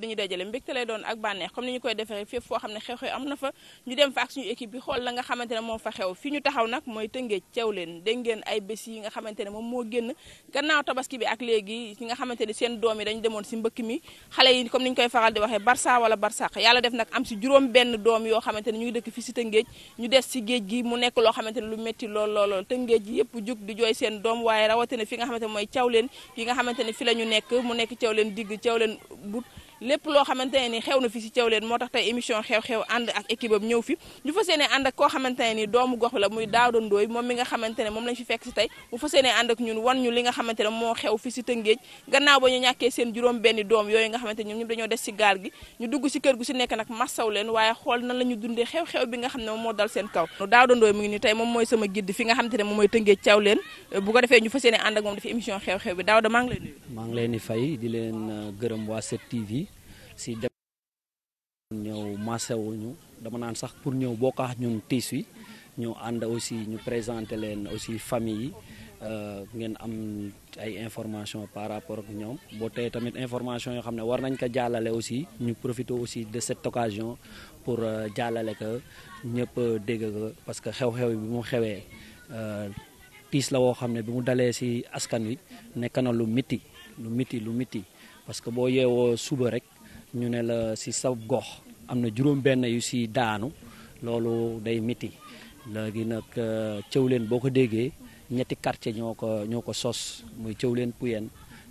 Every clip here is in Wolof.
dañuy dajale mbégte lay doon ak bànneex comme ni ñu koy defee fépp foo ne xew-xew am bi xool la nga xamante ne moo fa xew ñu taxaw nag mooy tëngéej ceew leen dégg ngeen ay bés yi nga xamante ne moom moo génn gannaaw tabaski bi ak léegi ñi nga xamante ne seen doom yi dañu demoon si mbëkk mi xale yi comme ni ñu koy faral di waxee barça wala barsaq yàlla def nag am si juróom benn doom yoo xamante ne ñu ngi dëkk fii si tëngéej ñu des si géej gi mu nekk loo xamante ne lu métti lool lool lool tëngéej yi yëpp jug di jooy seen doom waaye rawatina fi nga xamante mooy ceew leen yi nga xamante ne fi la ñu nekk mu nekk ceew leen digg ceew leen but lépp loo xamante ne ni xew na fi si Thiawlène moo tax tey émission xew-xew ànd ak équipe am ñëw fi ñu fas yéene ànd ak koo xamante ne ni doomu gox la muy Daouda Ndoye moom mi nga xamante ne moom lañ fi fekk si tey mu fas yéene ànd ak ñun wan ñu li nga xamante ne moo xew fi si Tëngéej gannaaw ba ñu ñàkkee seen juróom benn doom yooyu nga xamante ne ñoom ñëpp dañoo des si gaal gi ñu dugg si kër gu si nekk nag massaw leen waaye xool nan la ñu dundee xew-xew bi nga xam ne moom moo dal seen kaw Daouda Ndoye mu ngi ni tey moom mooy sama guide fi nga xamante ne moom mooy Tëngéej Thiawlène bu ko defee ñu fas yéene ànd ak moom dafa émission xew-xew bi Daouda maa ngi lay nuyu maa ngi leen di fay di leen euh, gërëm waa 7TV si dem ñëw massewul ñu dama naan sax pour ñëw boo bokkaax ñun tiis wi ñu ànd aussi ñu présenté leen aussi famille yi euh, ngeen am ay information par rapport ak ñoom boo teyee tamit information yoo xam ne war nañ ko jàllale aussi ñu profité aussi de cette occasion pour euh, jàllale ko ñëpp dégg ko parce que xew-xew bi mu xewee euh, tiis la woo xam ne bi mu dalee ci askan wi nekk na lu miti lu miti lu miti parce que boo yeewoo suba rek ñu ne la si sa gox am na juróom-benn yu si daanu loolu day métti léegi nag Thiawlène euh, boo ko déggee ñetti quartier ñoo ko ñoo ko sos muy Thiawlène Pouyen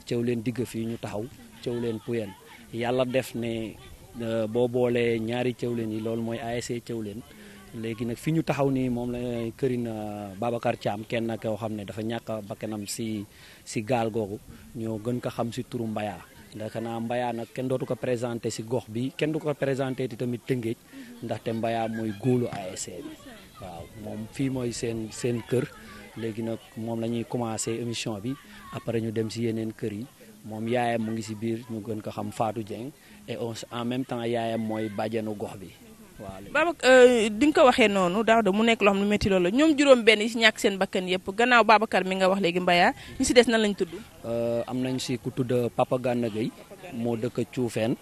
Thiawlène digg fii ñu taxaw Thiawlène Pouyen yàlla def ne euh, boo boolee ñaari Thiawlène yi loolu mooy ASC Thiawlène léegi nag fi ñu taxaw nii moom la euh, kërin Babacar Thiam kenn koo xam ne dafa ñàkk bakkanam si si gaal googu ñoo gën ko xam si turu Mbayaa ndax xanaa Mbayaa nag kenn dootu ko présenté si gox bi kenn du ko présenté ti tamit Tëngéej ndaxte Mbayaa mooy góolu ASC waaw moom fii mooy seen seen kër léegi nag moom la ñuy commencé émission bi après ñu dem si yeneen kër yi moom yaayam mu ngi si biir ñu gën ko xam faatu jeng et en même temps yaayam mooy bàjjenu gox bi Baba euh, di nga ko waxee noonu daaw da mu nekk loo xam loolu la ñoom juróom benn yi si ñàkk seen bakkan yëpp gannaaw Babacar mi nga wax léegi Mbayaa ñi si des na lañ tudd euh, am nañ si ku tudd Papa Gana Gueye moo dëkk Cuufeen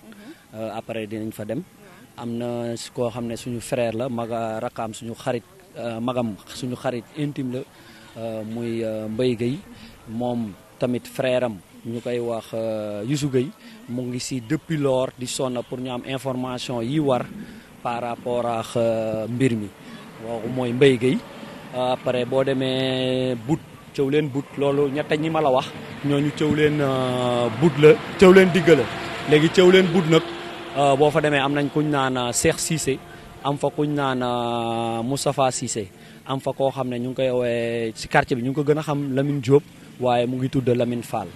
euh, après dinañ fa dem am na si koo xam ne suñu frère la maga rakaam suñu xarit magam suñu xarit intime la muy mbay Gueye moom tamit frère ñu koy wax Youssou Gueye mu ngi si depuis lors di sonna pour ñu am information yi war par rapport ak euh, mbir mi kooku mooy mbay Gueye après boo demee but cëw leen but loolu ñett ñi ma la wax ñooñu cëw leen euh, but la cëw leen digg la léegi cëw leen but nag euh, boo fa demee am nañ kuñ naan Cheikh Cissé am fa kuñ naan Moustapha Cissé am fa koo xam ne ñu ngi koy woowee ci quartier bi ñu ngi ko gën a xam Lamine Diop waaye mu ngi tudd Lamine Fall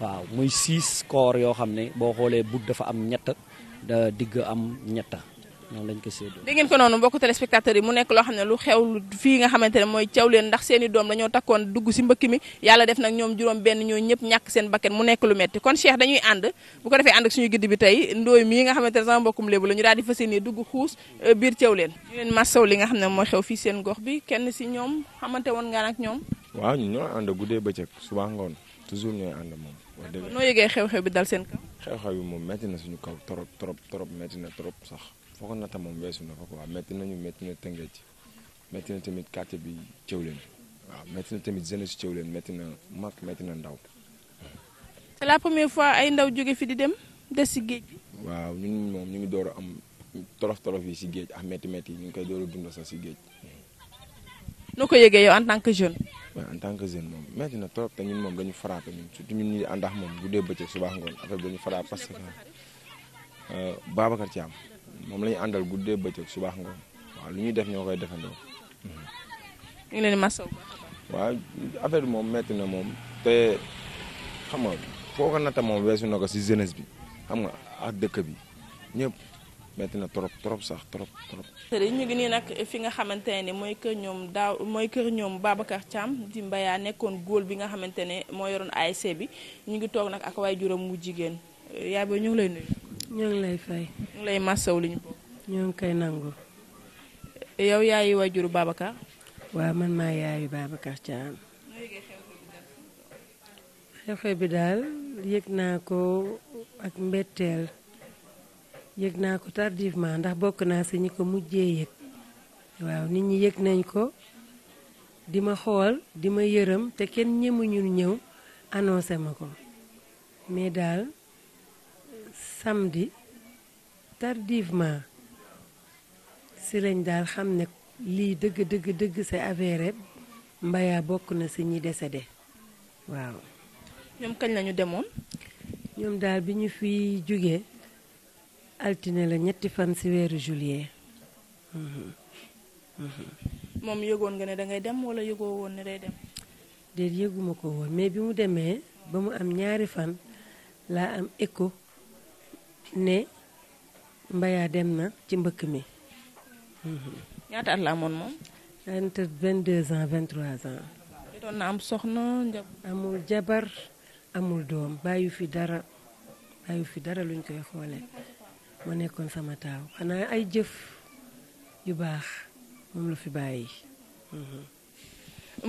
waaw muy six corps yoo xam ne boo xoolee but dafa am ñett digg am ñett moom lañ ko séddoo dégg ngeen ko noonu mbokk téléspectateurs yi mu nekk loo xam ne lu xew fii nga xamante ne mooy cawleen ndax seen i doom dañoo takkoon dugg si mbëkk mi yàlla def nag ñoom juróom benn ñoo ñëpp ñàkk seen bakkan nekk lu metti kon Cheikh ànd ko defee ànd ak suñu gidd tey ndooy mii nga xamante ne sama mbokkum lébu la ñu daal di fas yéene dugg xuus euh, biir cawleen ñu leen massaw li nga xam ne bi kenn si ñoom xamante woon nga nag ñoom waaw ñu ñoo ànd guddee bëccëg suba ngoon toujours ñooy ànd moom noo yegee xew-xew bi dal seen kaw xew-xew bi moom metti na suñu kaw trop trop trop metti na trop sax foog na tam moom weesu na fa quoi métti nañu métti na Tëngéej métti na tamit quartier bi Thiawlène waaw métti na tamit jeunesse Thiawlène métti na mag métti na ndaw. c'est la fois ay ndaw jóge fi di dem si géej bi. waaw ñun moom ñu ngi door a am torof torof yi si géej ak ah, métti métti ñu ngi koy door a dund sax si géej. noo ko yëgee yow en tant que jeune. waaw en tant que jeune moom métti na trop te ñun moom dañu frappé ñun surtout ñun ñi àndax moom bu dee bëccëg subaax ngoon affaire bi dañu frappé parce que euh, Babacar Thiam. moom la ñu àndal guddee bëccëg baax nga waaw lu ñuy def ñoo koy defandoo. ñu leen masaw waaw affaire moom metti na moom te xam nga foo ko natta moom weesu na ko si jeunesse bi xam nga dëkk bi ñëpp. na trop trop sax trop ñu ngi nii nag fi nga xamante ne mooy kër ñoom daaw mooy kër ñoom Babacar Thiam di Mbaye nekkoon góol bi nga xamante ne moo yoroon ASC bi ñu ngi toog nag ak waaye juróom mu jigéen yaay booy ñu ngi lay ñoo ngi lay fay. lay masaw li ñoo ngi koy nangu. yow yaayu wajuru Babacar. waaw man maa yaayu Babacar Thiam. xew-xew bi daal yëg naa ko ak mbetteel yëg naa ko tardivement ndax bokk naa si ñi ko mujjee yëg waaw nit ñi yëg nañ ko di ma xool di ma yërëm te kenn ñemuñu ñëw annoncé ma ko mais daal. samedi tardivement si lañ daal xam ne lii dëgg dëgg dëgg c'est avéré Mbaye bokk na si ñi décédé waaw. ñoom kañ lañu demoon. ñoom daal bi ñu fi jóge altine la ñetti fan si weeru juillet. Mhm. Mhm. moom yëgoon nga ne dangay dem wala yëgoo woon ne day dem. déet yëguma ko woon mais bi mu demee ba mu am ñaari fan laa am écho. ne Mbayaa dem na ci mbëkk mi. Mhm. ñaata at la amoon moom. entre vingt deux ans vingt trois ans. na am soxna amul jabar amul doom bàyyi fi dara bàyyi fi dara luñ koy xoole ma nekkoon sama taaw xanaa ay jëf yu baax moom la fi bàyyi. Mhm.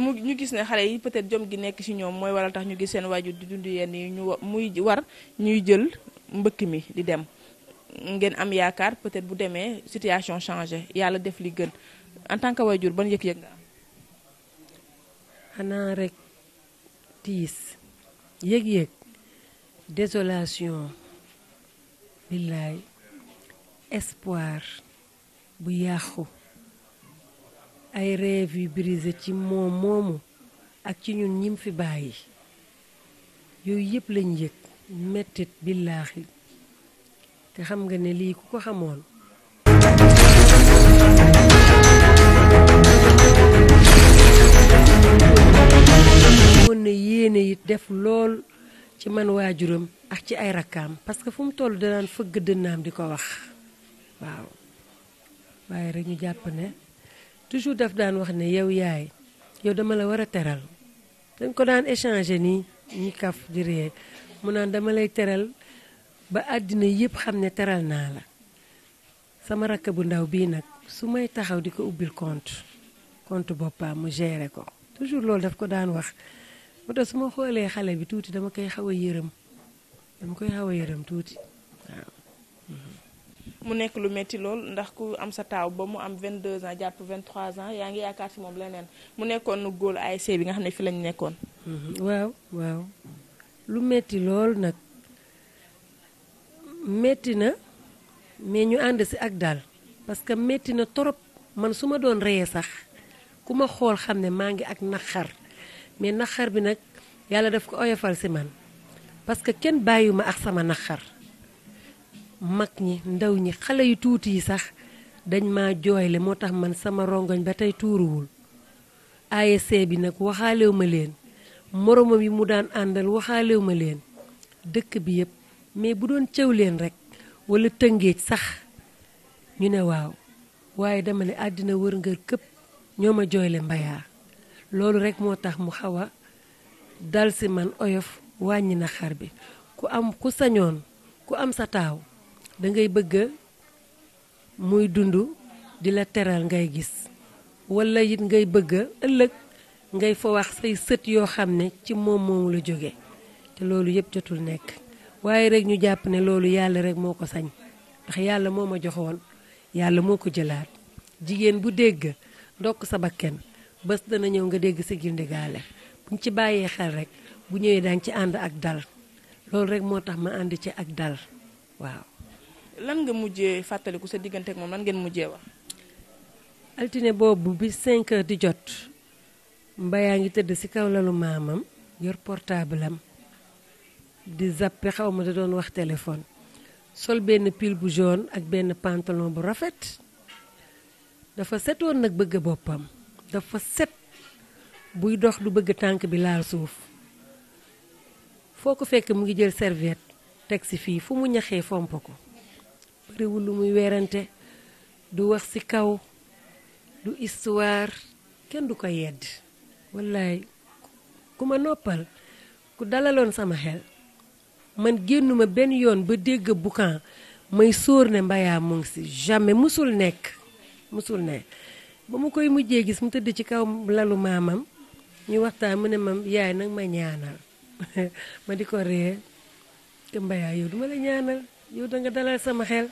mu ñu gis ne xale yi peut-être jom gi nekk ci ñoom mooy waral tax ñu gis seen waajur di dund yenn yi ñu war ñuy jël mbëkk mi di dem ngeen am yaakaar peut-être bu demee situation changé yàlla def li gën en tant que waajur ban yëg-yëg nga am. xanaa rek tiis yëg-yëg desolation billaay espoir bu yàqu ay rêve yu brisé ci moom moomu ak ci ñun ñim fi bàyyi yooyu yëpp lañ yëg. mettit billaahi te xam nga ne lii ku ko xamoon woon na yéene it def lool ci man waajuram ak ci ay rakkaam parce que fu mu toll danaan fëgg dënnaam di ko wax waaw waaye rek ñu jàpp ne toujours daf daan wax ne yow yaay yow dama la war a teral dañ ko daan échanger nii ñi kaf di mu naan dama lay teral ba àddina yëpp xam ne teral naa la sama rakk bu ndaw bii nag su may taxaw di ko ubbil compte compte boppam mu géré ko toujours loolu daf ko daan wax mu tax su ma xoolee xale bi tuuti dama koy xaw a yërëm dama koy xaw yërëm tuuti mu nekk lu metti lool ndax ku am sa taaw ba mu am 22 ans jàpp 23 ans yaa ngi yaakaar ci moom leneen mu nekkoon góol ASC bi nga xam ne fi lañ nekkoon. Mhm. waaw waaw lu metti lool nag metti na mais ñu ànd si ak daal parce que metti na torop man su ma doon reyee sax ku ma xool xam ne maa ngi ak naxar mais naxar bi nag yàlla daf ko oyofal si man parce que kenn ma ak sama naxar mag ñi ndaw ñi xale yu tuuti yi sax dañ ma jooyle moo tax man sama rongoñ ba tey tuuruwul ASC bi nag waxaalewu ma leen moromam yi mu daan àndal waxaalew ma leen dëkk bi yëpp mais bu doon cëw leen rek wala tëngéej sax ñu ne waaw waaye demale ne àddina wërngër këpp ñoo ma jooyle mbayaa loolu rekk moo tax mu xaw a dal si man oyof wàññi na xar bi ku am ku sañoon ku am sa taaw dangay ngay bëgg muy dund di la teral ngay gis walla it ngay bëgg ëllëg ngay fa wax say sët yoo xam ne ci moom moomu la jóge te loolu yëpp jotul nekk waaye rek ñu jàpp ne loolu yàlla rek moo ko sañ ndax yàlla moo ma joxoon yàlla moo ko jëlaat jigéen bu dégg ndokk sa bakken bés dana ñëw nga dégg si gindigaale buñ ci bàyyee xel rek bu ñëwee daañ ci ànd ak dal loolu rek moo tax ma ànd ci ak dal waaw lan nga mujjee fàttaliku sa diggante ak moom lan ngeen mujjee wax altine boobu bi 5 di jot mbayaa ngi tëdd ci kaw lalu maamam yor portable di zappe xaw ma da doon wax téléphone sol benn pile bu jaune ak benn pantalon bu rafet dafa setoon nag bëgg boppam dafa set buy dox du bëgg tànk bi laal suuf foo ko fekk mu ngi jël serviette teg ci fii fu mu ñaxee fomp ko bariwul lu muy werante du wax ci kaw du histoire kenn du ko yedd wallaay ku ma noppal ku dalaloon sama xel man génnuma benn yoon ba dégg boucan may sóor ne mbayaa mu ngi si jamais musul nekk musul ne ba mu koy mujjee gis mu tëdd ci kaw lalu maamam ñu waxtaan mu ne mam yaay nag ma ñaanal ma di ko ree te mbayaa yow duma la ñaanal yow danga nga dalal sama xel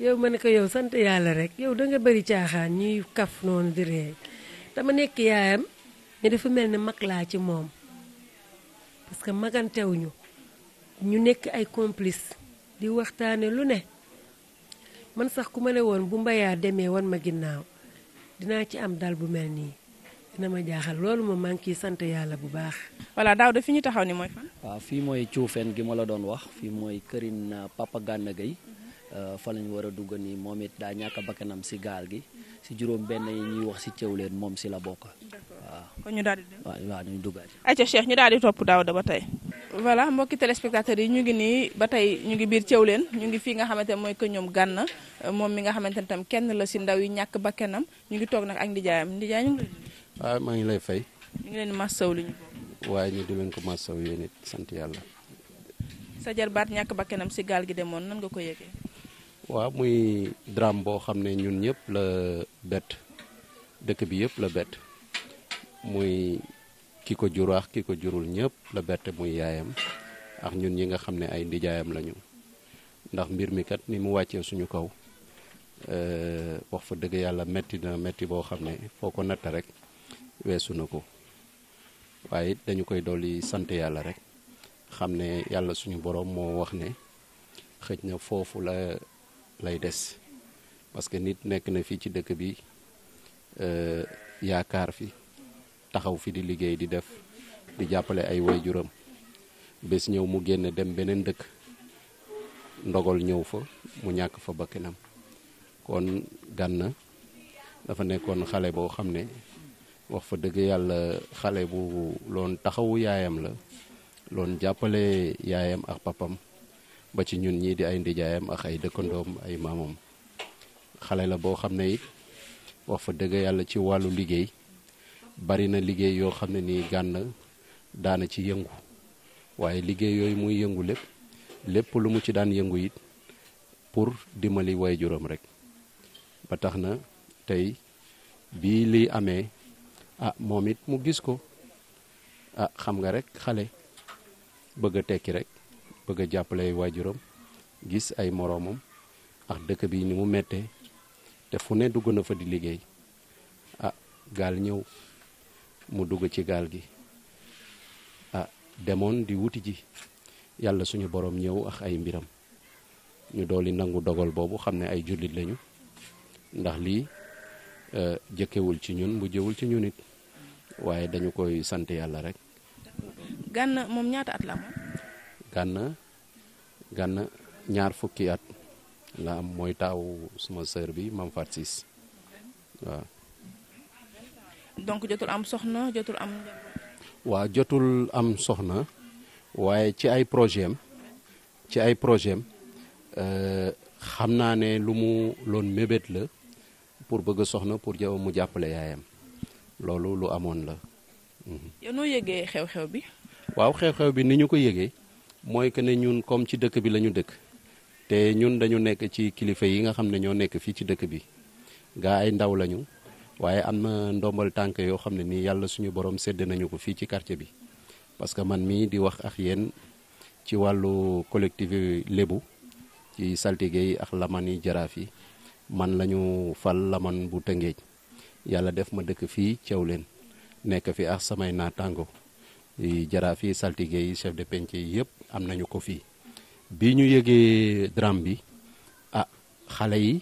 yow ma ne ko yow sant yàlla rek yow danga bari bëri caaxaan ñuy kaf noonu di ree dama nekk yaayam mais dafa mel ne mag laa ci moom parce que magantewuñu ñu nekk ay complice di waxtaane lu ne man sax ku ma ne woon bu mbayaa demee wan ma ginnaaw dinaa ci am dal bu mel nii dina ma jaaxal loolu moom maa ngi sant yàlla bu baax. voilà daaw def fi ñu taxaw ni mooy fan. waaw fii mooy cuufeen gi ma la doon wax fii mooy kërin Papa Gana Gueye Euh, fa lañu war a dugg nii moom it daa ñàkk bakkanam si gaal gi si juróom benn yi ñuy wax si cëw leen moom si la bokk waaw kon ñu daal di dem waaw waaw ñu duggaat ayca Cheikh ñu daal di topp Daouda ba tey voilà mbokki téléspectateurs yi ñu ngi nii ba tey ñu ngi biir Thiawlène ñu ngi fii nga xamante ne mooy que ñoom gànn moom mi nga xamante ne tam kenn la si ndaw yi ñàkk bakkanam ñu ngi toog nag ak ndijaayam ndijaay ah, maa ngi lay fay ñu ngi leen massaw li ñu waaye ñu du leen ko massaw yéen it sant yàlla sa jarbaat ñàkk bakkanam si gaal gi demoon nan nga ko yëgee waaw muy drame boo xam ne ñun ñëpp la bett dëkk bi yëpp la bett muy ki ko jur ak ki ko jurul ñëpp la bett muy yaayam ak ñun ñi nga xam ne ay ndijaayam lañu ndax mbir mi kat ni mu wàccee suñu kaw eh, wax fa dëgg yàlla metti na metti boo xam ne foo ko natta rek weesu na ko waaye dañu koy dolli sant yàlla rek xam ne yàlla suñu boroom moo wax ne xëj na foofu la lay des parce que nit nekk na fii ci dëkk bi euh, yaakaar fi taxaw fi di liggéey di def di jàppale ay waajuram bés ñëw mu génn dem beneen dëkk ndogal ñëw fa mu ñàkk fa bakkinam kon Gana dafa nekkoon xale boo xam ne wax fa dëgg yàlla xale bu loon taxawu yaayam la loon jàppale yaayam ak papam ba ci ñun ñii di ay ndijaayam ak ay dëkkandoom ay maamam xale la boo xam ne it wax fa dëgg yàlla ci wàllu liggéey bari na liggéey yoo xam ne ni gànn daana ci yëngu waaye liggéey yooyu muy yëngu lépp lépp lu mu ci daan yëngu it pour dimbali juróom rek ba tax na tey bii liy amee ah moom it mu gis ko ah xam nga rek xale bëgg a tekki rek bëgg a jàppale waajuram gis ay moroomam ak dëkk bii ni mu mettee te fu ne dugg na fa di liggéey ah, gaal ñëw mu dugg ci gaal gi ah, demoon di wuti ji yàlla suñu boroom ñëw ax ay mbiram ñu dooli nangu dogal boobu xam ne ay jullit lañu ndax lii eh, jëkkewul ci ñun bu jëwul ci ñunit waaye dañu koy sant yàlla rek. gànna moom ñaata at la moom. gànna gànn ñaar fukki at la am mooy taawu suma sœur bi mam Fatou Ciss donc jotul am soxna jotul am. waaw jotul am soxna waaye ci ay projet am ci ay projet am euh, xam naa ne lu mu loon mébét la pour bëgg soxna pour jaw mu jàppale yaayam loolu lu amoon la. Mhm. yow noo xew-xew bi. waaw xew-xew bi ni ñu ko yëgee. mooy que ne ñun comme ci dëkk bi lañu dëkk te ñun dañu nekk ci kilifa yi nga xam ne ñoo nekk fii ci dëkk bi gaa ay ndaw lañu waaye am na ndombal tànk yoo xam ne nii yàlla suñu borom sedd nañu ko fii ci quartier bi parce que man mii di wax ak yéen ci wàllu collectif lébu ci saltige yi ak laman yi jaraaf yi man lañu fal laman bu tëngéej yàlla def ma dëkk fii ceew leen nekk fi ak samay naataango Eh, jaraaf yi saltige yi chef de penc yi yëpp am nañu ko fii bi ñu yëgee drame bi ah xale yi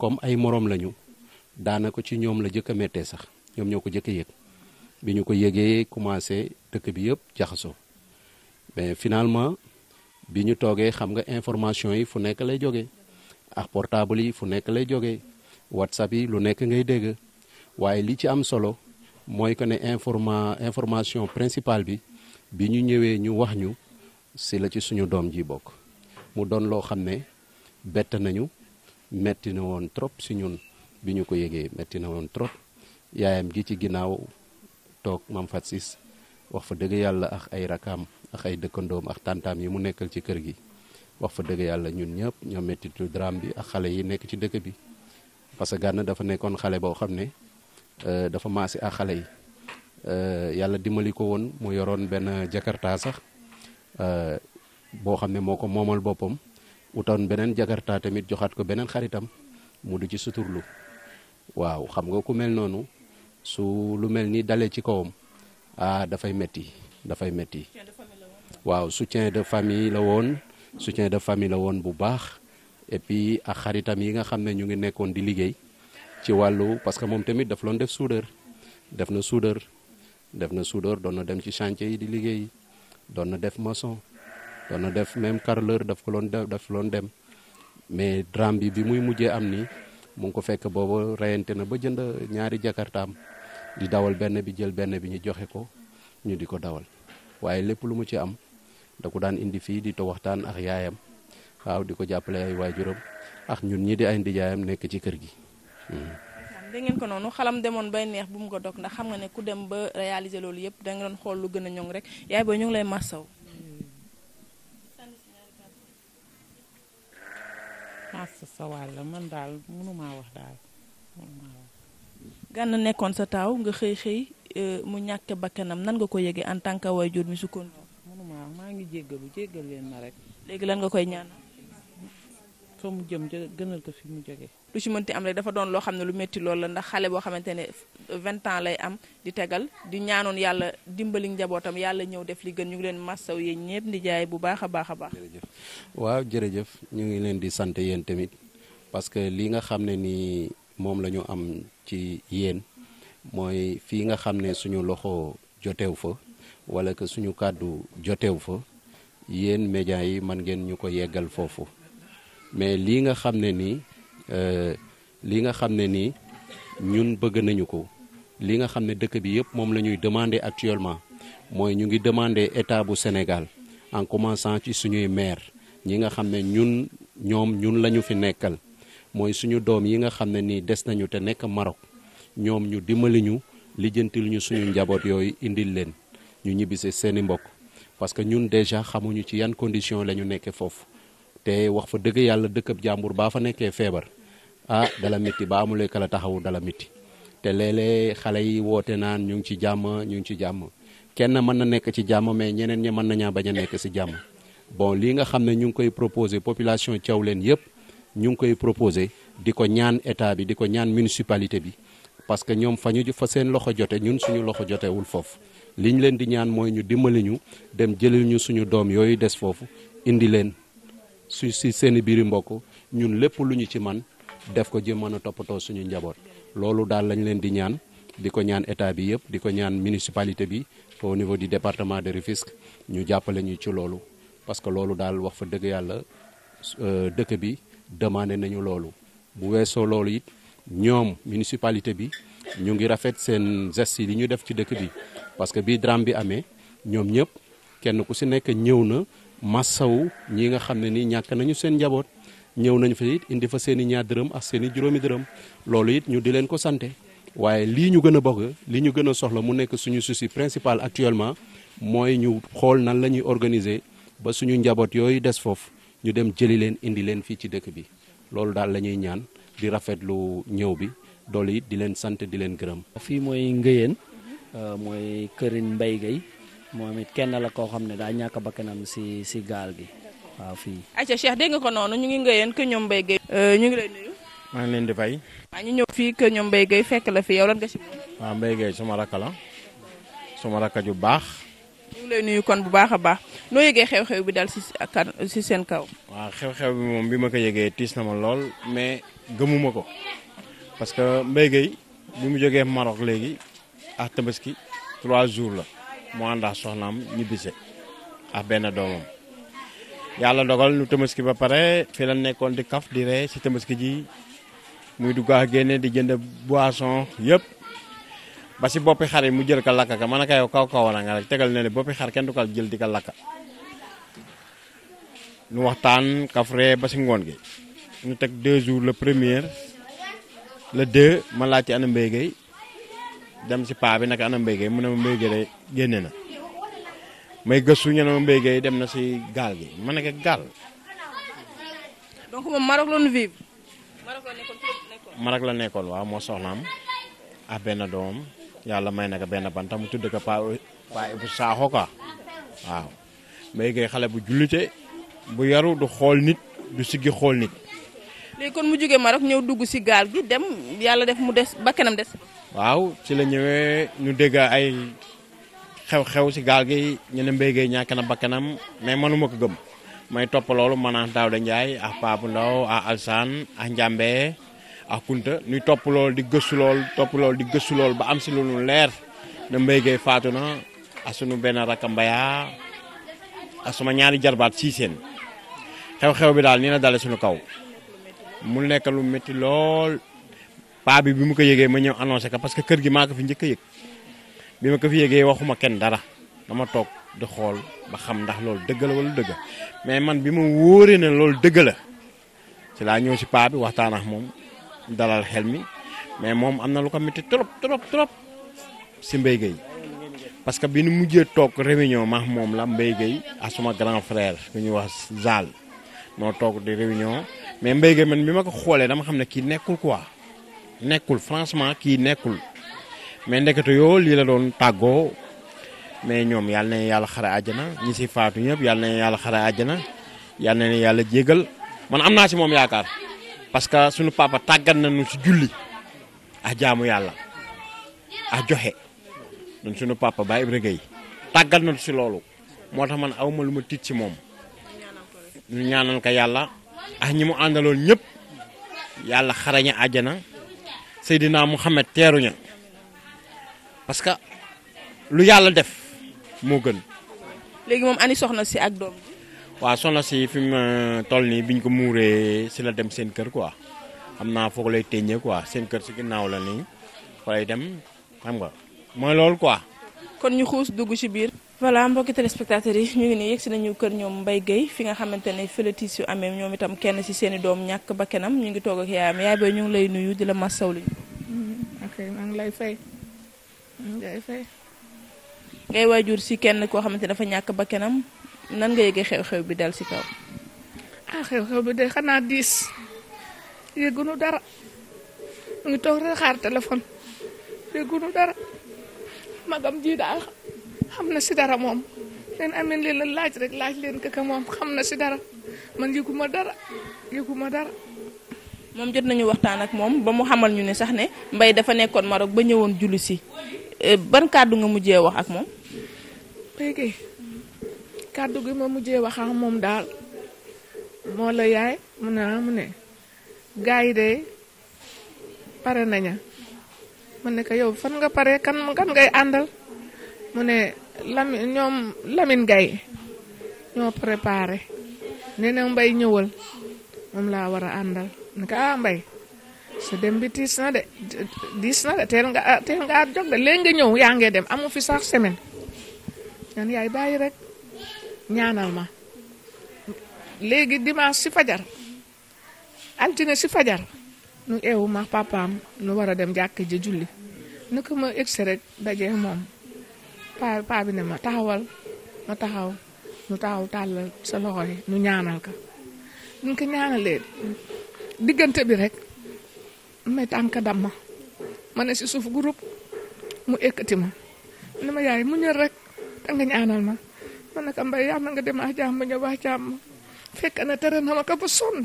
comme ay moroom lañu daanako ci ñoom la jëkk a méttee sax ñoom ñoo ko jëkk a bi ñu ko yëgee commencé dëkk bi yëpp jaxasoo mais finalement bi ñu toogee xam nga information yi fu nekk lay jógee ak portable yi fu nekk lay jógee whatsapp yi lu nekk ngay dégg waaye li ci am solo mooy que ne informa information principal bi bi ñu ñëwee ñu wax ñu si la ci suñu doom ji bokk mu doon loo xam ne bett nañu metti na woon trop si ñun bi ñu ko yëgee metti na woon trop yaayam gi ci ginnaaw toog mam fat sis wax fa dëgg yàlla ak ay rakaam ak ay dëkkandoom ak tàntaam yi mu nekkal ci kër gi wax fa dëgg yàlla ñun ñëpp ñoo mettitu drame bi ak xale yi nekk ci dëkk bi parce que Gana dafa nekkoon xale boo xam ne Euh, dafa maasi ak xale yi euh, yàlla dimbali ko woon mu yoroon benn jakarta sax euh, boo xam ne moo ko moomal boppam utoon beneen jakarta tamit joxaat ko beneen xaritam mu du ci suturlu waaw xam nga ku mel noonu su lu mel nii dalee ci kawam ah dafay metti dafay metti waaw soutien de famille la woon soutien de famille la woon bu baax et puis ak xaritam yi nga xam ne ñu ngi nekkoon di liggéey ci wàllu parce que moom tamit daf loon def suudar def na suudar def na soudeur doon na dem ci chantier yi di liggéey doon na def maçon doon na def même carreleur daf ko loon daf loon dem mais drame bi bi muy mujjee am ni mu ngi ko fekk booba reyante na ba jënd ñaari jakartaam di dawal benn bi jël benn bi ñu joxe ko ñu di ko dawal waaye lépp lu mu ci am da ko daan indi fii di to waxtaan ak yaayam waaw di ko jàppale ay waajuram ak ñun ñi di ay ndijaayam nekk ci kër gi dégg ngeen ko noonu xalam demoon bay neex bu mu ko dog ndax xam nga ne ku dem ba réaliser loolu yëpp da nga xool lu gën a ñoŋ rek yaay booy ñu ngi lay masaw massa sa wàll man daal mënumaa wax daal mënumaa nekkoon sa taaw nga xëy xëy euh, mu ñàkk bakkanam nan nga ko yëgee en tant que waajur mi su ko mënumaa maa ngi jéggalu jéggal leen ma rek léegi lan nga koy ñaanal fa mu jëm gënal ko fi mu jógee. lu ci mënti am rek dafa doon loo xam ne lu métti loolu la ndax xale boo xamante ne vingt ans lay am di tegal di ñaanoon yàlla dimbali njabootam yàlla ñëw def li gën ñu ngi leen massaw yéen ñëpp di jaay bu baax a baax a baax. jërëjëf waaw jërëjëf ñu ngi leen di sant yéen tamit parce que li nga xam ne nii moom la am ci yéen mooy fii nga xam ne suñu loxo jotew fa wala que suñu kàddu jotew fa yéen médias yi man ngeen ñu ko yeggal foofu. mais lii nga xam ne nii euh, lii nga xam ne nii ñun bëgg nañu ko lii nga xam ne dëkk bi yëpp moom la ñuy demander actuellement mooy ñu ngi demander état bu Sénégal en commençant ci suñuy maire ñi nga xam ne ñun ñoom ñun la ñu fi nekkal mooy suñu doom yi nga xam ne nii des nañu te nekk Maroc ñoom ñu dimbali ñu lijjantil ñu suñu njaboot yooyu indil leen ñu ñibbisi seeni mbokk parce que ñun déjà xamuñu ci yan condition la ñu nekkee foofu te wax fa dëgg yàlla dëkkab jàmbur baa fa nekkee feebar ah dala métti ba amulee kala taxawu dala métti te léeg-léeg xale yi woote naan ñu ngi ci jàmm ñu ngi ci jàmm kenn mën na nekk ci jàmm mais ñeneen ñi mën nañaa bañ a nekk si jàmm bon lii nga xam ne ñu ngi koy proposé population leen yëpp ñu ngi koy proposé di ko ñaan état bi di ko ñaan municipalité bi parce que ñoom fa ñu fa seen loxo jote ñun suñu loxo jotewul foofu liñ leen di ñaan mooy ñu dimbali ñu dem jëlil ñu suñu doom yooyu des foofu indi leen su si seeni biir biiri mbokk ñun lépp lu ñu ci man def ko jëm mën a toppatoo suñu njaboot loolu daal lañ leen di ñaan di ko ñaan état bi yëpp di ko ñaan municipalité bi au niveau di département de Rufisque ñu jàppale ñu ci loolu parce que loolu daal wax fa dëgg yàlla euh, dëkk bi demandé nañu loolu bu weesoo loolu it ñoom municipalité bi ñu ngi rafet seen geste yi ñu def ci dëkk bi parce que bii drame bi amee ñoom ñëpp kenn ku si nekk ñëw na massawu ñi nga xam ne ni ñàkk nañu seen njaboot ñëw nañ fa it indi fa seen i ñaar dërëm ak seen juróomi dërëm loolu it ñu di leen ko sante waaye lii ñu gën a bëgg li ñu gën a soxla mu nekk suñu suusi principal actuellement mooy ñu xool nan la ñuy organiser ba suñu njaboot yooyu des foofu ñu dem jëli leen indi leen fii ci dëkk bi loolu daal lañuy ñaan di rafetlu ñëw bi doolu it di leen sant di leen gërëm. fii mooy Ngéyeen euh, mooy kërin Mbaye Gueye moom it kenn la koo xam ne daal ñàkk bakkanam si si gaal gi waaw fii. ayca Cheikh dégg nga ko noonu ñu ngi ngëyeen que ñoom Mbaye euh, ñu ngi maa ngi leen di fay. waaw ñu ñëw fii que ñoom fekk la fi yow lan nga si. waaw Mbaye Gueye suma rakk la suma rakk ju baax. ñu ngi lay nuyu kon bu baax a baax noo yëgee xew-xew bi dal si si seen kaw. waaw xew-xew moom bi ma ko yëgee tiis na ma lool mais gëmuma ko parce que Mbaye Gueye bi mu jógee Maroc léegi ak Tabaski trois jours la. mu ànd ak soxnaam ñibbise ak benn doomam yàlla dogal nu tëmaski ba pare fi la nekkoon di kaf di ree si tëmaski ji muy dugg ak génne di jënd boisson yëpp ba si boppi xar mu jël ko lakk ka mën a kaw kaw kawana nga rek tegal ne ne boppi xar kenn du jël di ko lakk nu waxtaan kaf ree ba si ngoon gi ñu teg deux jours le premier le deux ma laaj ci ana mbéy gay dem si paa bi nag ana mbéy mu ne ma mbéy de na may gëstu ñu ne dem na si gaal gi ma ne ko gaal. donc moom la ñu vivre. nekkoon waaw moo soxnaam ak benn doom yàlla may naka benn banta mu tudd ko paa bu saaxoo quoi waaw mbéy xale bu jullite bu yaru du xool nit du siggi xool nit. léegi kon mu jógee Maroc ñëw dugg si gaal gi dem yàlla def mu des ba kanam des. waaw ci la ñëwee ñu dégg ay xew-xew si gaal gi ñu ne mbéy gi ñàkk na bakkanam mais mënuma ko gëm may topp loolu maanaam Daouda Ndiaye ak Pape Ndaw ak Alsaan ak Njàmbe ak Kunta ñuy topp di gëstu lool di gëstu lool ba am si lu nu leer ne mbéy gi faatu na ak sunu benn rakk mbaya ak suma ñaari jarbaat sii seen xew-xew bi daal nii na dale suñu kaw mu nekk lu métti lool. paa bi bi mu ko yëgee ma ñëw annoncé ko parce que kër gi maa ko fi njëkk a yëg bi ma ko fi yëgee waxuma kenn dara dama toog di xool ba xam ndax loolu dëgg la wala dëgg mais man bi ma wóoree ne loolu dëgg la ci laa ñëw si paa bi waxtaan ak moom dalal xel mi mais moom am na lu ko métti trop trop trop si Mbaye parce que bi nu mujjee toog réunion ma moom la Mbaye Gueye ak suma grand frère bu ñuy wax Zal noo toog di réunion mais Mbaye man bi ma ko xoolee dama xam ne kii nekkul quoi. nekkul franchement kii nekkul mais ndekete yoo lii la doon tàggoo mais ñoom yàlla na yàlla xare àjjana ñu si faatu ñëpp yàlla na yàlla xare àjjana yàlla na yàlla jégal man am naa si moom yaakaar parce que suñu papa tàggat nañu si julli a jaamu yàlla a joxe ñun suñu papa Baye Ibra tàggat nañu si loolu moo tax man awma lu ma tiit si moom ñu ñaanal ko yàlla ak ñi mu àndaloon ñëpp yàlla xaraña àjjana Seydina Muhammad teeruñu parce que lu yàlla def moo gën. léegi moom ani soxna si ak doom waaw soxna si fi mu euh, toll nii biñ ko muuree si la dem seen kër quoi xam naa foog lay téññee quoi seen kër si ginnaaw la nii fa lay dem xam nga mooy loolu quoi. kon ñu xuus dugg ci biir. voilà mbokki téléspectateurs yi ñu ngi ne si nañu kër ñoom Mbaye Guèye fi nga xamante ne fëlatis yu amee ñoom itam kenn ci seeni doom ñàkk ba kenam ñu ngi toog ak ñu ngi lay nuyu di la masaw li mm-hmm. ngi lay fay maa ngi lay kenn koo xamante dafa ñàkk ba nan nga yëgee xew bi dal ci kaw ah xew-xew bi de xanaa diis yëgunu dara ñu ngi toog rek xaar téléphone yëgunu dara magam ji daal xam na si dara moom leen ameen leen la laaj rek laaj leen kaka moom xam na si dara man yëguma dara yëguma dara moom jot nañu waxtaan ak moom ba mu xamal ñu ne sax ne mbay dafa nekkoon Maroc ba ñëwoon julli si eh, ban kàddu nga mujjee wax ak moom léegi kàddu gi ma mujjee wax moom daal moo la yaay mu ne mu ne gars yi de pare naña man ne yow fan nga pare kan kan ngay àndal mu ne Lamine ñoom Lamine Gaye ñoo préparé nee na Mbaye ñëwal moom laa war a àndal ne ko ah Mbaye sa dem tiis na de diis na de teel nga ah, teel nga jóg de léegi nga ñëw yaa ngee dem amu fi sax semaine ñaan yaay bàyyi rek ñaanal ma léegi dimanche si fajar altine si fajar nu eewu ma papaam nu war a dem jàkk ja julli nu ko ma egsi rek daje moom paa bi ne ma taxawal ma taxaw ñu taxaw tàllal sa loxo yi ñu ñaanal ka ñu ko ñaanalee diggante bi rek may tànk dam ma ma si suuf gurup mu ekkati ma ne ma yaay mu ñor rek da nga ñaanal ma ma ne yaa ma nga dem a jàmm ñëw a jàmm fekk na tere na ma ko ba sonn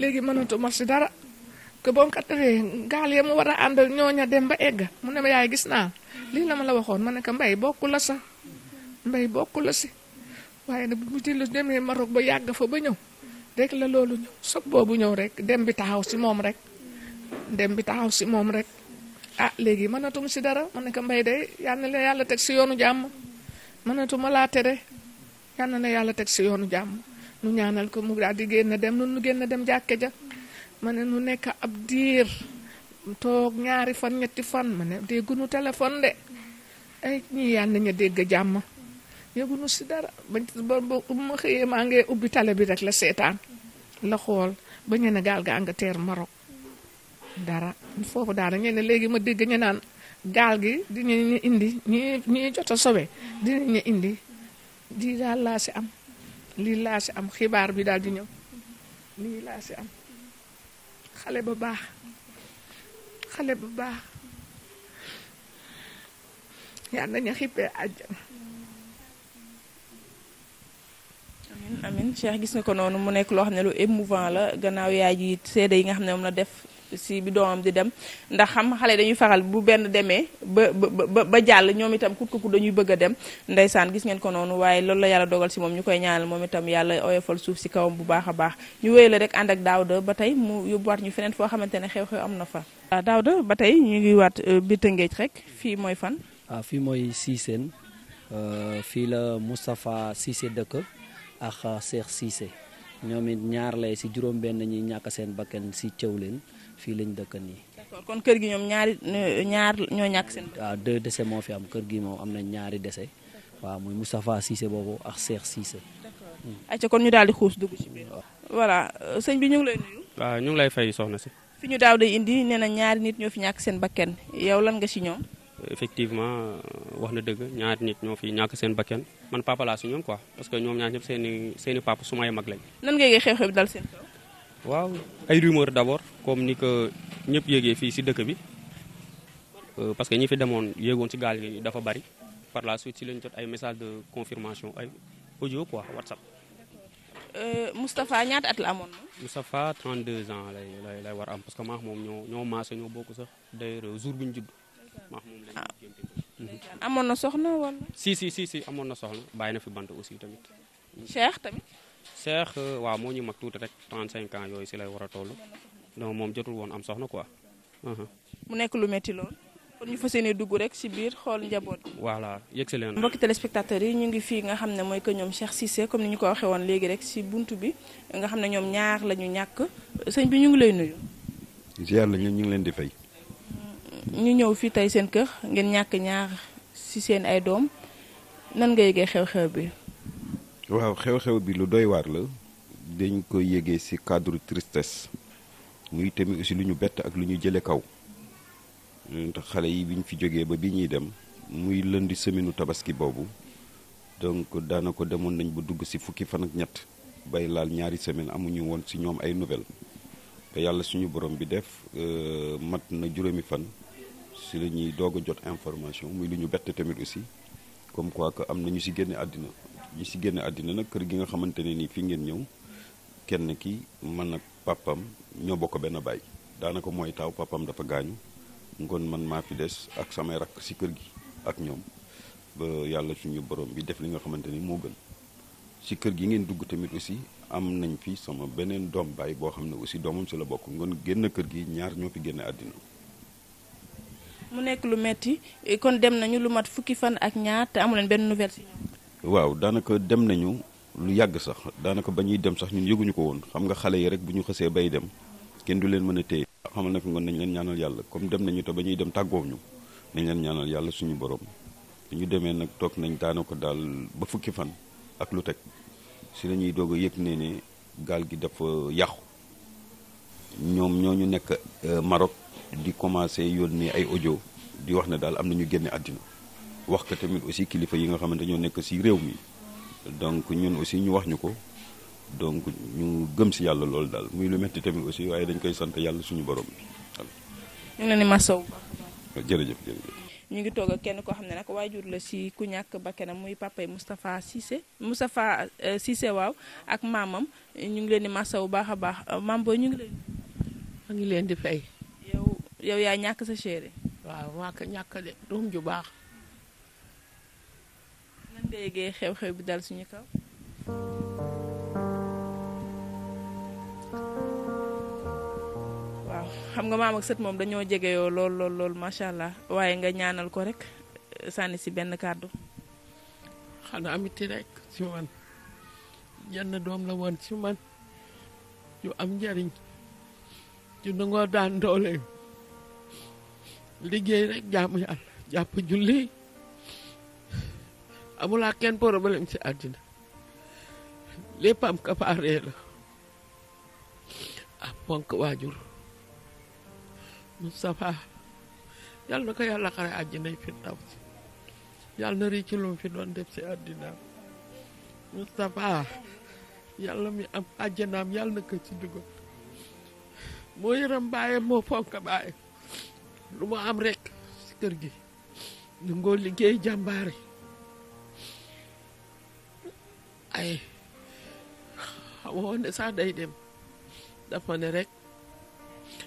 léegi mënatu ma si dara ko boo ko teree gaal ya mu war a àndal ñooña dem ba egg mu ne ma yaay gis naa lii la ma la waxoon ma ne ko mbay bokku la sa mbay bokku la si waaye nag bu mu jël demee Maroc ba yàgg fa ba ñëw rek la loolu ñëw sob boobu ñëw rek dem bi taxaw si moom rek dem bi taxaw si moom rek ah léegi mënatuma si dara ma ne ko mbay de yal na yàlla teg si yoonu jàmm mënatuma laa tere yal na yàlla teg si yoonu jàmm nu ñaanal ko mu daal di génn dem nu nu génn dem jàkke ja ma ne nu nekk ab diir toog ñaari fan ñetti fan ma ne dégguñu téléphone de ay ñii yàlla nañu dégg jàmm yëguñu si dara ba ma xëyee maa ngi ubbi tale bi rek la seetaan la xool ba ñu ne gaal ga Angleterre Maroc dara foofu daana ñu ne léegi ma dégg ñu naan gaal gi dinañu indi ñi indi di daal laa si am lii laa si am xibaar bi daal di ñëw lii laa si am xale ba baax. xale bu baax yal nañu xippee àjjana amin amin Cheikh gis nga ko noonu mu nekk loo xam ne lu émouvant la gannaaw yaay ji seede yi nga xam ne moom la def si bi doomam di dem ndax xam xale dañuy faral bu benn demee ba ba ba jàll ñoom itam kut kut dañuy bëgg a dem ndeysaan gis ngeen ko noonu waaye loolu la yàlla dogal si moom ñu koy ñaanal moom itam yàlla oyofal suuf si kawam bu baax a baax ñu wéy la rek ànd ak daaw da ba tey mu yóbbuwaat ñu feneen foo xamante ne xew-xew na fa waaw ah, Daouda ba tey ñu ngi waat euh, biir Tëngéej rek fii mooy fan. waaw ah, fii mooy Cissé euh, fii la Moustapha Cissé dëkk ak euh, Cheikh Cissé ñoom it ñaar lay si juróom-benn ñi ñàkk seen bakkan si Thiawlène fii lañ dëkk nii. kon kër gi ñoom ñaari ñaar ñoo ñàkk seen. waaw ah, deux décès moo fi am kër gi moom am na ñaari dese waaw muy Moustapha Cissé boobu ak seex Cissé. d'accord kon ñu daal di xuus dugg si biir. voilà sëñ bi ñu ngi lay nuyu. waaw ñu lay fay soxna si. fi ñu daaw day indi nee ñaari nit ñoo fi ñàkk seen bakken yow lan nga si ñoom. effectivement euh, wax na dëgg ñaari nit ñoo fi ñàkk seen bakken man papa laa si ñoom quoi parce que ñoom ñaar ñëpp seen i seen i papa su may mag lañ. nan ngay xew-xew bi dal seen kaw. waaw ay rumeur d'abord comme ni ko ñëpp yéegee fii si dëkk bi euh, parce que ñi fi demoon yéegoon si gaal gi dafa bari par la suite si lañ jot ay message de confirmation ay audio quoi WhatsApp. Euh, Moustapha ñaata at la amoon moom. Moustapha 32 ans lay lay war am parce que maax moom ñoo ñoo maase ñoo bokk sax d'ailleurs euh, jour bu ñu judd. maax moom la ah. mhm. amoon na soxna wala. si si si si amoon na soxna bàyyi na fi bant aussi tamit. Cheikh tamit. Cheikh euh, waaw moo ñu mag tuuti rek 35 ans yooyu si lay war a toll. donc moom jotul woon am soxna quoi. mu nekk lu métti lool. kon ñu fa yéene dugg rek si biir xool njaboot. voilà yegsi leen. mbokki téléspectateurs yi ñu ngi fii nga xam ne mooy que ñoom Cheikh Cissé comme ni ñu ko waxee léegi rek si buntu bi nga xam ne ñoom ñaar la ñu ñàkk sëñ bi ñu ngi lay nuyu. ziar la ñu ngi leen di fay. ñu ñëw fii tey seen kër ngeen ñàkk ñaar si seen ay doom nan nga yëgee xew-xew bi. waaw xew-xew bi lu doy waar la dañ ko yëgee si cadre tristesse muy tamit aussi lu ñu bett ak lu ñu jëlee kaw. ndax xale yi bi ñu fi jógee ba bi ñuy dem muy lundi semaine tabaski boobu donc daanaka demoon nañ bu dugg si fukki fan ak ñett bay laal ñaari semaine amuñu woon si ñoom ay nouvelles te yàlla suñu borom bi def euh, mat na juróomi fan si la ñuy doog a jot information muy lu ñu bett tamit aussi comme quoi que am na ñu si génne àddina ñu si génne àddina nag kër gi nga xamante ne nii fii ngeen ñëw kenn ki man ak papam ñoo bokk benn baay daanaka mooy taaw papam dafa gaañu. ngoon man maa fi des ak samay rakk si kër gi ak ñoom ba yàlla suñu borom bi def li nga xamante ni moo gën ci kër gi ngeen dugg tamit aussi am nañ fi sama beneen doom baay boo xam ne aussi doomam si la bokk ngoon génn kër gi ñaar ñoo fi génne àddina mu nekk lu metti kon dem nañu lu mat fukki fan ak ñaar te amuleen benn nouvelle si waaw daanaka dem nañu lu yàgg sax daanaka ba ñuy dem sax ñun yëguñu ko woon xam nga xale yi rek bu ñu xësee bay dem kenn leen mën a téye xamal ne ko nañ leen ñaanal yàlla comme dem nañu te ba ñuy dem tàggoo ñu nañ leen ñaanal yàlla suñu borom ñu demee nag toog nañ daana ko daal ba fukki fan ak lu teg si la ñuy doog a yëg ne ne gaal gi dafa yàqu ñoom ñoo ñu nekk euh, Maroc di commencé yónnee ay ojo di wax ne daal am na ñu génne àddina wax ko tamit aussi kilifa yi nga xamante ñoo nekk si réew mi donc ñun aussi ñu wax ñu ko donc ñu gëm si yàlla loolu daal muy lu métti bi aussi waaye dañ koy sant yàlla suñu borom bi ñu ngi leen di masawu toog kenn koo xam ne nag waajur la si ku ñàkk bakkanam muy papay Moustapha Cissé Moustapha euh, Cissé waaw ak maamam ñu ngi leen di masawu baax a baax euh, maam booy ñu ngi leen ma ngi leen di fay yow yaa ñàkk sa chéri waaw maa ko ñàkk de doom ju baax nan nga yëgee xew-xew bi dal suñu kaw xam nga maam ak sët moom dañoo jegeyoo lool lool lool macha allah waaye nga ñaanal ko rek eh, sànni si benn kàddu. xanaa amiti rek si man jenn doom la woon si man yu am njariñ yu nangoo daan doole liggéey rek jaamu yàlla jàpp julli amulaa kenn problème si àddina lépp am kapaaree la ah ponk waajur Moustapha yal na ko yàlla xare àjjinay firdawsi yal na rëcc lu mu fi doon def si àddinaam Moustapha yàlla mi am àjjanaam yal na ko ci dugg moo yëram baayam moo fonk baayam lu mu am rek si kër gi ñu ngoo liggéey jàmbaari ay xamoon ne sax dem dafa ne rek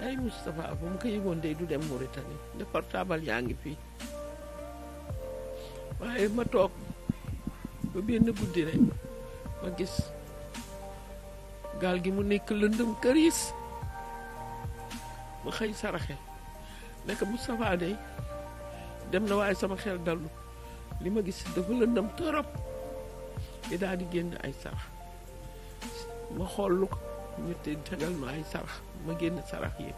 ay Moustapha bu mu ko yëgoon de du dem Mauritanie ne portable yaa ngi fii waaye ma toog ba benn guddi rek ma gis gaal gi mu nekk lëndëm këriis ma xëy saraxe nekk Moustapha de dem na waaye sama xel dalu li ma gis dafa lëndëm torop di daal di génn ay sarax ma xool ko ñu te ma ay sarax ma génn sarax yi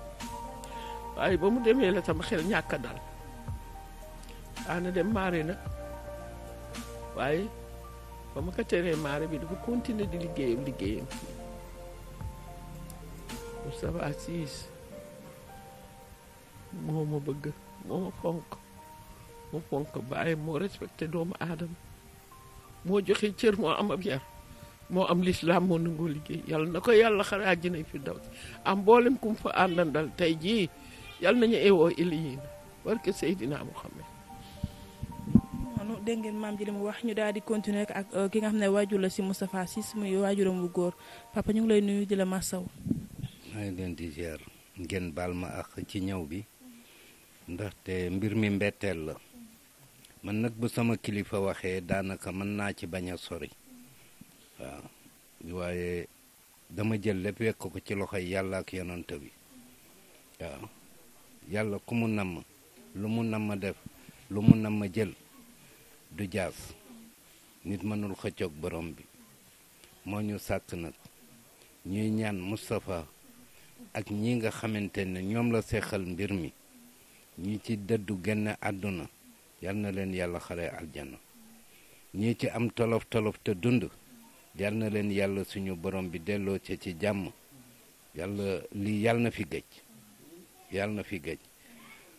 waaye ba mu demee la sama xel ñàkk a dal daana dem maare nag waaye ba ma ko teree maare bi dafa continuer di liggéeyam liggéeyam fii Moustapha Siis moo ma bëgg moo ma fonk moo fonk bàyyi moo respecté doomu aadama moo joxe cër moo am ab yar moo am lislaam moo nangoo liggéey yàlla na ko yàlla xare àjjana fi daw am mboolem kum fa àndandal tey jii yàlla nañu ewoo iliyin barke Seydina Muhammad noonu dégg ngeen maam ji li wax ñu daal di continuer ak euh, ki nga xam ne waajur la si Moustapha Ciss muy waajuram bu góor papa ñu ngi lay nuyu di la maa ngi leen di ziar ngeen baal ma ak ci ñëw bi ndaxte mbir mi mbetteel la mën nag bu sama kilifa waxee daanaka mën naa ci bañ a sori waaw waaye dama jël lépp wekk ko ci loxo yàlla ak yonent bi waaw yàlla ku mu namm lu mu namm def lu mu namm jël du jaas nit mënul xëccoog borom bi moo ñu sàkk nag ñuy ñaan mustafa ak ñi nga xamante ne ñoom la seexal mbir mi ñu ci dëddu génn àdduna yal na leen yàlla xare aljana ñi ci am tolof tolof te dund yal na leen yàlla suñu borom bi delloo ca ci jàmm yàlla lii yàlla na fi géej yàlla na fi géej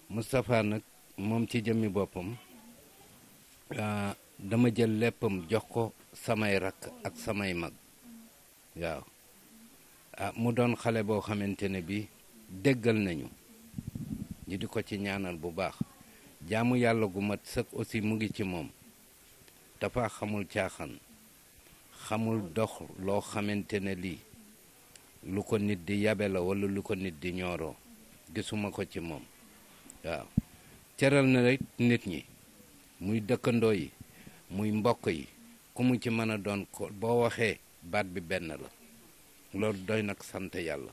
Moustapha nag moom ci jëmmi boppam ah, dama jël léppam jox ko samay rakk ak samay mag waaw ah mu doon xale boo xamante ne bi déggal nañu ñu di ko ci ñaanal bu baax jàmm yàlla gu mat aussi mu ngi ci moom dafa xamul caaxaan xamul dox loo xamante ne lii lu ko nit di yabe la wala lu ko nit di ñooroo gisuma ko ci moom waaw cëral na rek nit ñi muy dëkkandoo yi muy mbokk yi ku mu ci mën a doon ko boo waxee baat bi benn la lool doy nag sant yàlla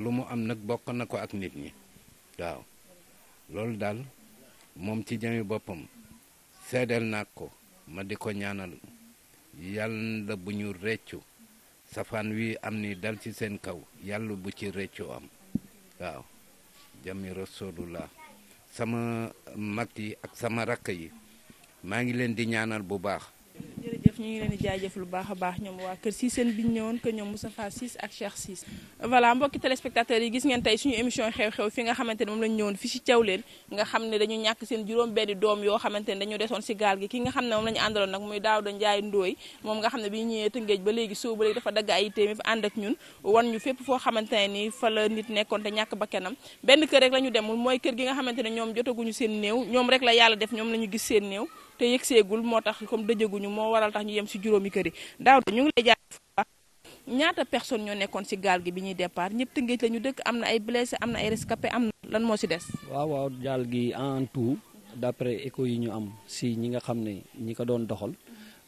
lu mu am nag bokk na ko ak nit ñi waaw loolu daal moom ci jëmi boppam seedeel naa ko ma di ko ñaanal yàlla bu ñu reccu safaan wi am ni dal ci seen kaw yàlla bu ci reccu am waaw jami rasulullah sama mag yi ak sama rakk yi maa ngi leen di ñaanal bu baax ñu ngi leen di jaajëf lu baax a baax ñoom waa Kër Cissé bi ñu ñëwoon que ñoom Moustapha Cissé ak Cheikh Cissé voilà mbokki téléspectateurs yi gis ngeen tey suñu émission xew-xew fi nga xamante ne moom lañu ñëwoon fi si Thiawlène nga xam ne dañu ñàkk seen juróom benni doom yoo xamante ne dañu desoon si gaal gi ki nga xam ne moom la ñu àndaloon nag muy Daouda Ndiaye Ndoye moom nga xam ne bi ñu ñëwee Tëngéej ba léegi soo ba léegi dafa dagg ay téeméer ànd ñu fépp foo xamante ne ni fa nit nekkoon te ñàkk bakkanam benn kër rek la demul mooy kër gi nga xamante ne ñoom jotaguñu seen néew ñoom rek la yàlla def ñoom la ñu gis seen néew te yëg seegul moo tax comme dëjëguñu moo waral tax ñu yem si juróomi kër yi daaw ñu ngi lay jaajëfal ñaata personne ñoo nekkoon si gaal gi bi ñuy départ ñëpp tëngéej la ñu dëkk am na ay blessé am na ay rescapé am na lan moo si des. waaw waaw gaal gi en tout d'après écho yi ñu am si ñi nga xam ne ñi ko doon doxal.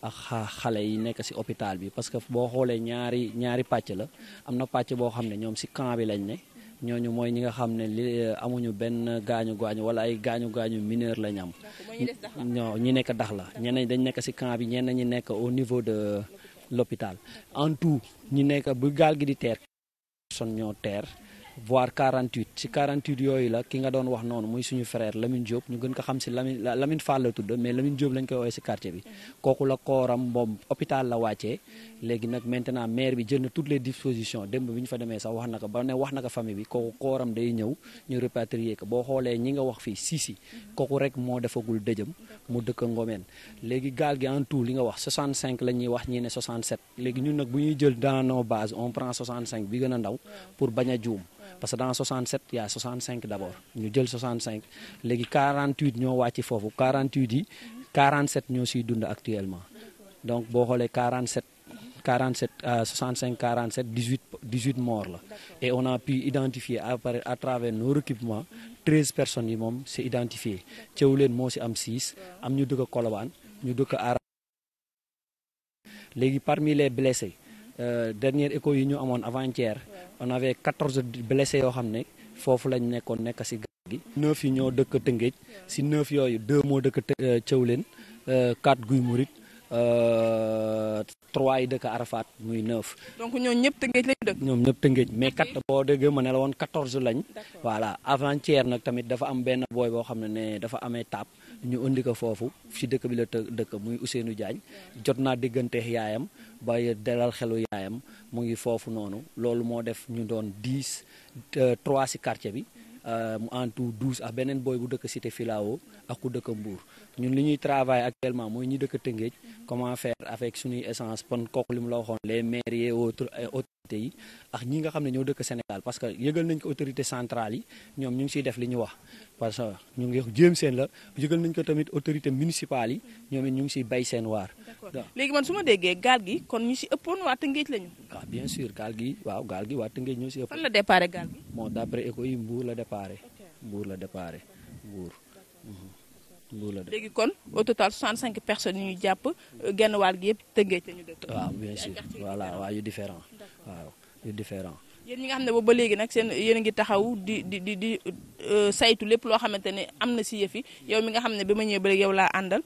ak xale yi nekk si hôpital bi parce que boo xoolee ñaari ñaari pàcc la am na pàcc boo xam ne ñoom si camp bi lañ ne. ñooñu mooy ñi nga xam ne li eh, amuñu benn gaañu gaañu wala ay gaañu gaañu mineur lañ am ñoo ñi nekk dax la ñeneen dañ nekk si camp bi ñeneen ñi nekk au niveau de l'hôpital en tout ñi nekk bu gaal gi di teer son ñoo teer voire 48 si 48 yooyu la ki nga doon wax noonu muy suñu frère Lamine Diop ñu gën ko xam si Lamine Lamine Fall la tudd mais Lamine Diop lañ koy woowee si quartier bi mhm. kooku la kooram moom hôpital la wàccee léegi nag maintenant maire bi jël na toutes les dispositions dem bi ñu fa demee sax wax na ko ba ne wax na ko famille bi kooku kooram day ñëw ñu répatrier ko boo xoolee ñi nga wax fii Sisi mhm. kooku rek moo defagul dëjëm mu dëkk Ngomeen léegi gaal gi li nga wax 65 la ñuy wax ñii ne 67 léegi ñun nag bu ñuy jël dans nos bases on prend 65 bi gën a ndaw pour bañ a juum parce que dans 67 il y a 65 d' ñu jël 65 léegi 48 ñoo wàcc foofu 48 yi 47 ñoo si dund actuellement donc boo xoolee 47 47 65 47 18 18 morts la et on a pu identifier à à travers nos recoupements 13 personnes yi moom c' est identifié leen moo si am 6 am ñu dëkk Colobane ñu dëkk Ara léegi parmi les blessés euh, dernier écho yi ñu amoon avant-hier on avait quatorze blessés yoo xam ne foofu lañ nekkoon nekk si gaal gi. neuf yi ñoo dëkk Tëngéej si neuf yooyu deux moo dëkk Thiawlène euh, quatre Guy Mouride Euh, trois yi dëkk Arafat muy neuf. donc ñoom ñëpp tëngeej lañu dëkk. ñoom ñëpp tëngeej mais kat boo déggee ma ne la woon quatorze lañ. voilà avant nag tamit dafa am benn booy boo xam ne ne dafa amee taab. ñu indi ko foofu ci dëkk bi la dëkk muy nu Diagne jot naa diggante yaayam ba dalal xelu yaayam mu ngi foofu noonu loolu moo def ñu doon dix euh, trois ci quartier bi. Mm-hmm. Euh, mu en tout douze ak beneen booy bu dëkk cité filao ak ku dëkk Mbour ñun li ñuy travail actuellement mooy ñi dëkk Tëngéej comment faire avec suñuy essence pon kooku li la waxoon les mairies et te yi ak ñi nga xam ne ñoo dëkk Sénégal parce que yëgal nañ ko autorité centrale yi ñoom ñu ngi siy def li ñu wax parce que ñu ngi jéem seen la yëgal nañ ko tamit autorité municipale yi ñoom it ñu ngi siy bay seen waar. d'accord léegi man su ma déggee gaal gi kon ñu si ëppoon waa Tëngéej lañu. waaw ah, bien sûr gaal gi waaw gaal gi waa Tëngéej ñoo si ëpp. fan la départ gaal gi. bon d'après écho yi Mbour la départ. Mbour la départ Mbour. léegi kon au total 65 personne yu ñu jàpp genn wàll gi yëpp tëngéej te ñu dëkk. waaw bien sûr voilà waaw yu différent waaw yu différent yéen ñi nga xam ne ba léegi nag seen yéen a ngi taxaw di di di di euh, saytu lépp loo xamante ne am na si yëf yow mi nga xam ne bi ma ñëwee ba léegi yow laa àndal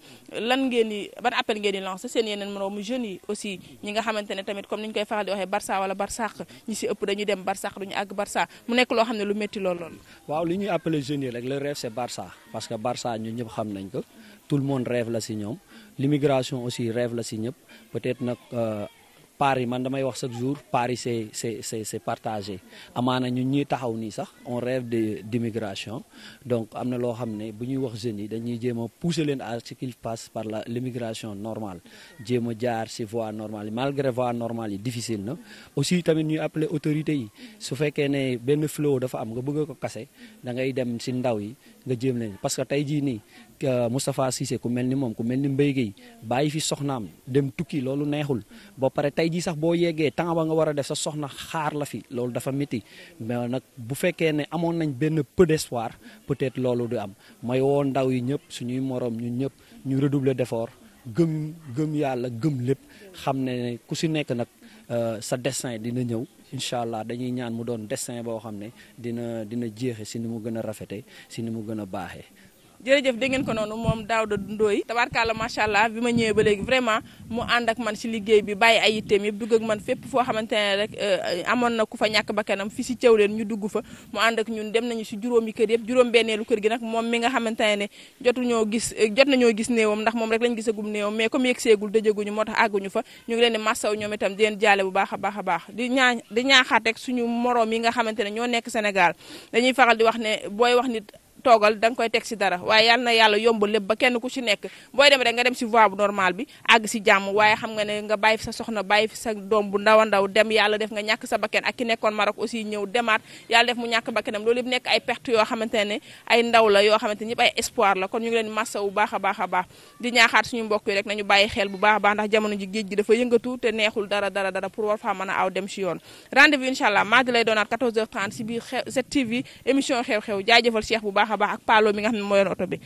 lan ngeen di ban appel ngeen di lancé seen yeneen moroomu yi aussi nga xamante ne tamit comme ni ñu koy faral di waxee Barça wala Barsaq ñi si ëpp dañuy dem Barsaq duñu àgg Barça mu nekk loo xam ne lu métti lool lool. waaw li ñuy appelé jeunes yi rek le rêve c'est Barça parce que Barça ñun ñëpp xam nañ ko tout le monde rêve la si ñoom l'immigration aussi rêve la si ñëpp peut-être nag euh, part yi man damay wax chaque jour part yi c'est c'est c'est c'est partagé amaana ñun ñuy taxaw nii sax on rêve de d'immigration donc am na loo xam ne bu ñuy wax jeunes yi dañuy jéem a pousser leen à ce qu'ils passent par la l'immigration normale jéem a jaar ci voie normale yi malgré voie normale yi difficile na aussi tamit ñuy appeler autorités yi su fekkee ne benn flot dafa am nga bëgg ko kase da ngay dem ci ndaw yi nga jéem leen parce que tey jii nii Euh, Moustapha Cissé ku mel ni moom ku mel ni Mbaye Guèye bàyyi fi soxnaam dem tukki loolu neexul ba pare tey jii sax boo yeggee temps ba nga war a def sa soxna xaar la fi loolu dafa métti ma nag bu fekkee ne amoon nañ benn peu d'espoir peut-être loolu di am may woo ndaw yi ñëpp suñuy moroom ñu ñëpp ñu redoubler defor gëm gëm yàlla gëm lépp xam ne ku si nekk nag euh, sa destin dina ñëw incha allah dañuy ñaan mu doon destin boo xam ne dina dina jeexe si ni mu gën a rafete si ni mu gën a baaxee jërëjëf da ngeen ko noonu moom Daouda Ndoye tabarkalla macha allah bi ma ñëwee ba léegi vraiment mu ànd ak man si liggéey bi bàyyi ay yitteem yëpp dugg man fépp foo xamante ne rek euh, amoon na ku fa ñàkk bakkanam fi si Thiawlène ñu dugg fa mu ànd ak ñun dem nañu si juróomi kër yëpp juróom benneelu kër gi nag moom mi nga xamante ne jotuñoo gis euh, jot nañoo gis néewam ndax moom rek lañ gisagum néewam mais comme yegg seegul dëjëguñu moo tax àgguñu fa ñu ngi leen di massaw ñoom itam di jaale bu baax a baax a baax di ñaa di ñaaxaat rek suñu moroom yi nga xamante ne ñoo nekk senegal dañuy faral di wax ne booy wax nit toogal da nga koy teg si dara waaye yal na yàlla yombal lépp ba kenn ku si nekk booy dem rek nga dem si voie bu normal bi àgg si jàmm waaye xam nga ne nga bàyyi fi sa soxna bàyyi fi sa doom bu ndaw a ndaw dem yàlla def nga ñàkk sa bakken ak ki nekkoon Maroc aussi a a baax di ñaaxaat suñu a baax ndax jamono ji géej gi dafa yëngatu te yoon rendez-vous allah mardi lay doonaat 14h30 si biir émission xew-xew jaajëfal Cheikh bu baax baax a baax ak paalo mi nga xam ne oto bi